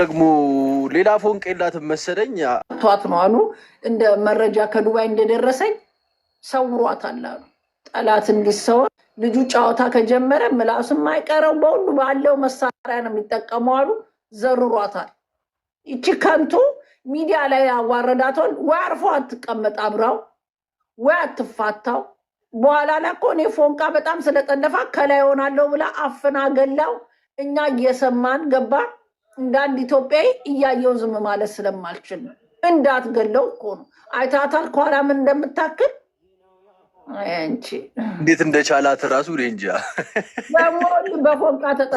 ደግሞ ሌላ ፎን ቄላትን መሰለኝ። ቷት ነው አሉ። እንደ መረጃ ከዱባይ እንደደረሰኝ ሰውሯት አላሉ። ጠላት እንዲሰወር ልጁ ጨዋታ ከጀመረ ምላሱም አይቀረው በሁሉ ባለው መሳሪያ ነው የሚጠቀመው አሉ። ዘርሯታል። ይቺ ከንቱ ሚዲያ ላይ ያዋረዳትሆን ወይ አርፎ አትቀመጥ አብራው ወይ አትፋታው። በኋላ ላይ እኮ እኔ ፎንቃ በጣም ስለጠለፋ ከላይ ሆናለሁ ብላ አፍና ገላው እኛ እየሰማን ገባን። እንደ አንድ ኢትዮጵያዊ እያየው ዝም ማለት ስለማልችል ነው። እንዳትገለው እኮ ነው። አይታታል ከኋላ ምን እንደምታክል እንዴት እንደቻላት ራሱ ሬንጃ በፎንቃ ተጠ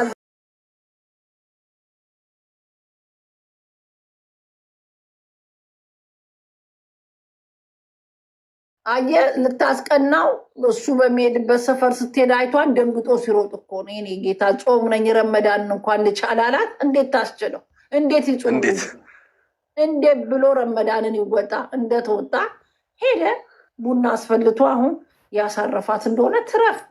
አየ ልታስቀናው እሱ በሚሄድበት ሰፈር ስትሄድ አይቷን ደንግጦ ሲሮጥ እኮ ነው። እኔ ጌታ ጾም ነኝ ረመዳን እንኳን ልቻል እንዴት ታስችለው? እንዴት ይጾም? እንዴት ብሎ ረመዳንን ይወጣ? እንደተወጣ ሄደ። ቡና አስፈልቶ አሁን ያሳረፋት እንደሆነ ትረፍ።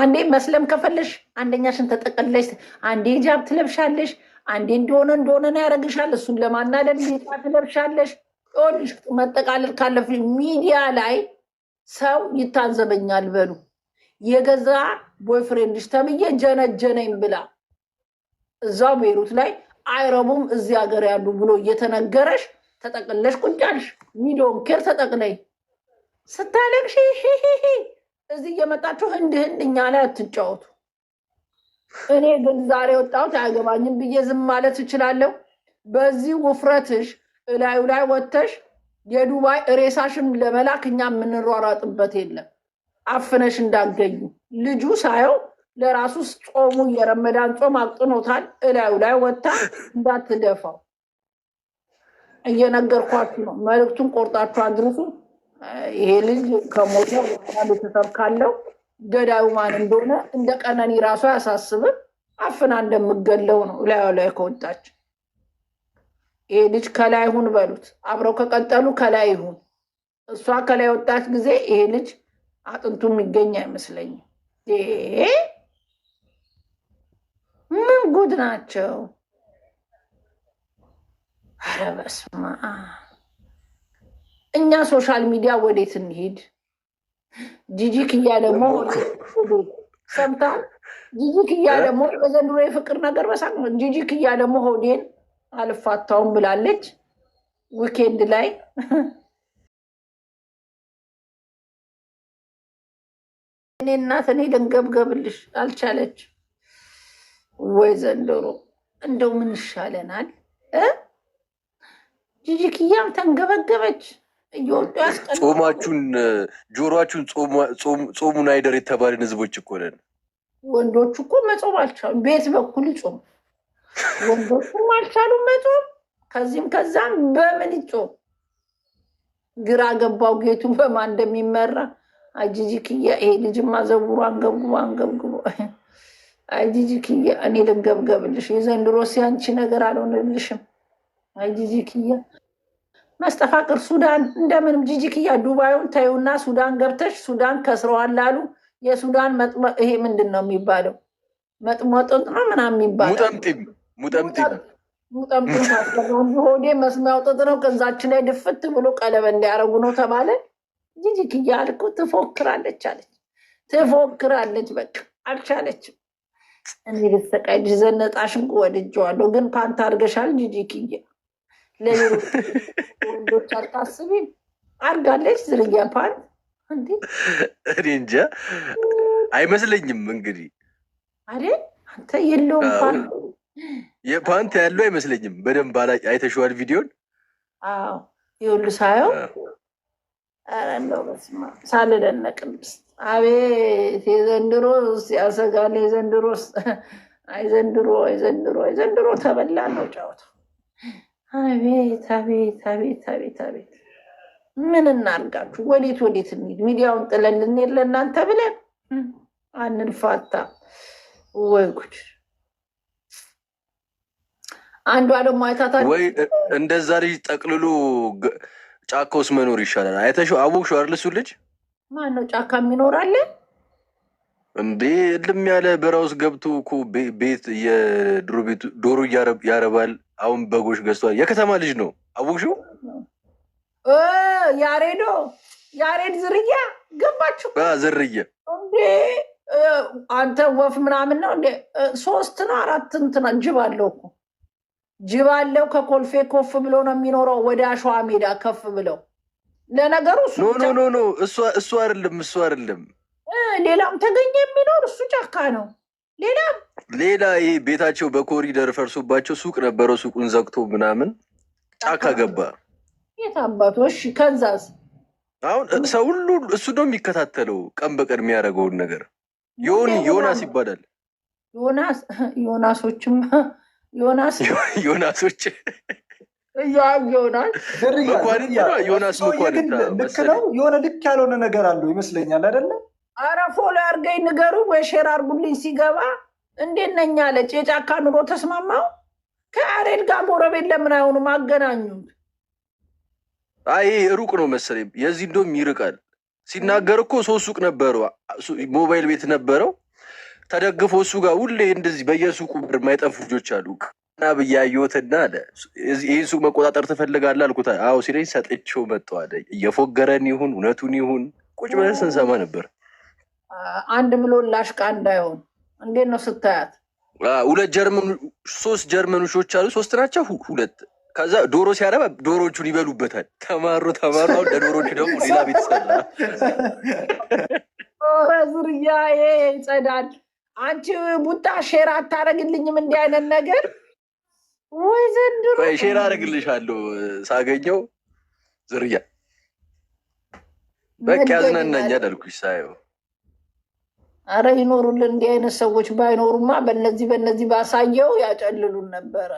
አንዴ መስለም ከፈለሽ አንደኛሽን ተጠቀለሽ፣ አንዴ ሂጃብ ትለብሻለሽ፣ አንዴ እንደሆነ እንደሆነ ያደረግሻል። እሱን ለማናደድ ትለብሻለሽ ጦልሽ መጠቃለል ካለፍ ሚዲያ ላይ ሰው ይታዘበኛል በሉ የገዛ ቦይፍሬንድሽ ተብዬ ጀነጀነኝ ብላ እዛው ቤሩት ላይ አይረቡም እዚህ ሀገር ያሉ ብሎ እየተነገረሽ ተጠቅለሽ ቁንጫልሽ ሚሊዮን ኬር ተጠቅለይ ስታለቅሽ እዚህ እየመጣችሁ ህንድ ህንድ እኛ ላይ አትጫወቱ። እኔ ግን ዛሬ ወጣሁት አያገባኝም ብዬ ዝም ማለት እችላለሁ። በዚህ ውፍረትሽ እላዩ ላይ ወጥተሽ የዱባይ ሬሳሽም ለመላክ እኛ የምንሯሯጥበት የለም። አፍነሽ እንዳገኙ ልጁ ሳየው ለራሱ ጾሙ የረመዳን ጾም አቅጥኖታል። እላዩ ላይ ወጥታ እንዳትደፋው እየነገርኳችሁ ነው። መልእክቱን ቆርጣችሁ አድርሱ። ይሄ ልጅ ከሞተ ቤተሰብ ካለው ገዳዩ ማን እንደሆነ እንደ ቀነኒ ራሷ ያሳስብን። አፍና እንደምገለው ነው እላዩ ላይ ከወጣች ይሄ ልጅ ከላይ ሁን በሉት። አብረው ከቀጠሉ ከላይ ይሁን። እሷ ከላይ ወጣች ጊዜ ይሄ ልጅ አጥንቱ የሚገኝ አይመስለኝም። ምን ጉድ ናቸው! ኧረ በስመ አብ! እኛ ሶሻል ሚዲያ ወዴት እንሂድ? ጂጂ ክያ ደግሞ ሰምታ ጂጂ ክያ ደግሞ በዘንድሮ የፍቅር ነገር በሳቅ ጂጂ ክያ ደግሞ ሆዴን አልፋታውም ብላለች። ዊኬንድ ላይ እኔ እናት እኔ ልንገብገብልሽ አልቻለች ወይ ዘንድሮ እንደው ምን ይሻለናል? ጂጂክያም ተንገበገበች። ጾማችሁን ጆሮችሁን ጾሙን አይደር የተባልን ህዝቦች እኮ ነን። ወንዶቹ እኮ መጾም አልቻሉ። ቤት በኩል ይጾም ወንዶቹም አልቻሉም መጾም። ከዚህም ከዛም በምን ይጾም ግራ ገባው። ጌቱ በማን እንደሚመራ አጅጅክያ ይሄ ልጅማ ዘውሮ አንገብግቦ አንገብግቦ አጂጂክያ እኔ ልንገብገብልሽ የዘንድሮ ሲያንቺ ነገር አልሆንልሽም። አጂጂክያ መስጠፋቅር ሱዳን እንደምንም ጂጂክያ ዱባዩን ተዩና ሱዳን ገብተሽ ሱዳን ከስረዋል አሉ። የሱዳን ይሄ ምንድን ነው የሚባለው? መጥሞጥ ነው ምናምን የሚባለው ሙጠምጢም ሙጠምጢም ሆዴ መስሚያው ጥጥ ነው። ከዛችን ላይ ድፍት ብሎ ቀለበት እንዲያደርጉ ነው ተባለ። ጂጂክ እያልኩ ትፎክራለች አለች ትፎክራለች። በቃ አልቻለችም። እዚህ ልትሰቃይ ዘነጣሽን ወድጄዋለሁ፣ ግን ፓንት አድርገሻል ወንዶች አድርጋለች ዝርያ ፓንት እኔ እንጃ አይመስለኝም። እንግዲህ አይደል አንተ የለውም ፓንት የፓንት ያለው አይመስለኝም። በደንብ አይተሽዋል ቪዲዮን? አዎ ይሁሉ ሳየው ሳልደነቅም አቤት የዘንድሮ ያሰጋል። የዘንድሮ አይዘንድሮ አይዘንድሮ አይዘንድሮ ተበላ ነው ጫወታ። አቤት አቤት አቤት አቤት አቤት ምን እናርጋችሁ? ወዴት ወዴት እንሂድ? ሚዲያውን ጥለን ልንሄድ ለእናንተ ብለን አንልፋታ። ወይ ጉድ አንዷ ደግሞ አይታታ ወይ እንደዛ ልጅ ጠቅልሎ ጫካ ውስጥ መኖር ይሻላል። አይተሽው አወቅሽው አይደል? እሱ ልጅ ማን ነው? ጫካ የሚኖራለ እንዴ? እልም ያለ በራ ውስጥ ገብቶ እኮ ቤት የድሮ ቤቱ ዶሮ ያረባል። አሁን በጎች ገዝቷል። የከተማ ልጅ ነው። አወቅሽው? ያሬዶ ያሬድ ዝርያ ገባችሁ? ዝርያ እንዴ? አንተ ወፍ ምናምን ነው እንዴ? ሶስት ነው አራት እንትና ጅብ አለው እኮ ጅብ አለው ከኮልፌ ኮፍ ብሎ ነው የሚኖረው። ወደ አሸዋ ሜዳ ከፍ ብለው ለነገሩ እሱ አይደለም እሱ አይደለም ሌላም ተገኘ የሚኖር እሱ ጫካ ነው። ሌላ ሌላ ይሄ ቤታቸው በኮሪደር ፈርሶባቸው ሱቅ ነበረው ሱቁን ዘግቶ ምናምን ጫካ ገባ። የት አባቱ እሺ። ከዛስ አሁን ሰው ሁሉ እሱ ነው የሚከታተለው ቀን በቀን የሚያደርገውን ነገር ዮኒ ዮናስ ይባላል። ዮናስ ዮናሶችም ዮናስ ዮናሶች ዮናስ ነው። የሆነ ልክ ያልሆነ ነገር አለው ይመስለኛል አይደለ? ኧረ ፎሎ አድርገኝ ንገሩ ወይ ሼር አርጉልኝ። ሲገባ እንዴት ነኝ አለች። የጫካ ኑሮ ተስማማው ከአሬድ ጋር ጎረቤት ለምን አይሆኑም? አገናኙት። አይ ሩቅ ነው መሰለኝ፣ የዚህ እንደውም ይርቃል። ሲናገር እኮ ሶስት ሱቅ ነበረው፣ ሞባይል ቤት ነበረው ተደግፎ እሱ ጋር ሁሌ እንደዚህ በየሱቁ የማይጠፉ ልጆች አሉ። ና ብዬ አለ ይህን ሱቅ መቆጣጠር ትፈልጋለህ አልኩት። አዎ ሲለኝ ሰጥቼው መጣሁ አለ። እየፎገረን ይሁን እውነቱን ይሁን ቁጭ ብለን ስንሰማ ነበር። አንድ ምሎላሽ ቃ እንዳይሆን እንዴት ነው ስታያት? ሁለት ጀርመን ሶስት ጀርመኖች አሉ። ሶስት ናቸው ሁለት ከዛ ዶሮ ሲያረባ ዶሮቹን ይበሉበታል። ተማሩ ተማሩ። አሁን ለዶሮቹ ደግሞ ሌላ ቤት ሰራ ዙርያ ይጸዳል። አንቺ ቡታ ሼር አታረግልኝም? እንዲህ አይነት ነገር ወይ ዘንድሮ ሼር አረግልሻለሁ ሳገኘው ዝርያ በቃ ያዝናናኛል አልኩሽ ሳየው። አረ ይኖሩልን እንዲህ አይነት ሰዎች ባይኖሩማ በነዚህ በነዚህ ባሳየው ያጨልሉን ነበረ።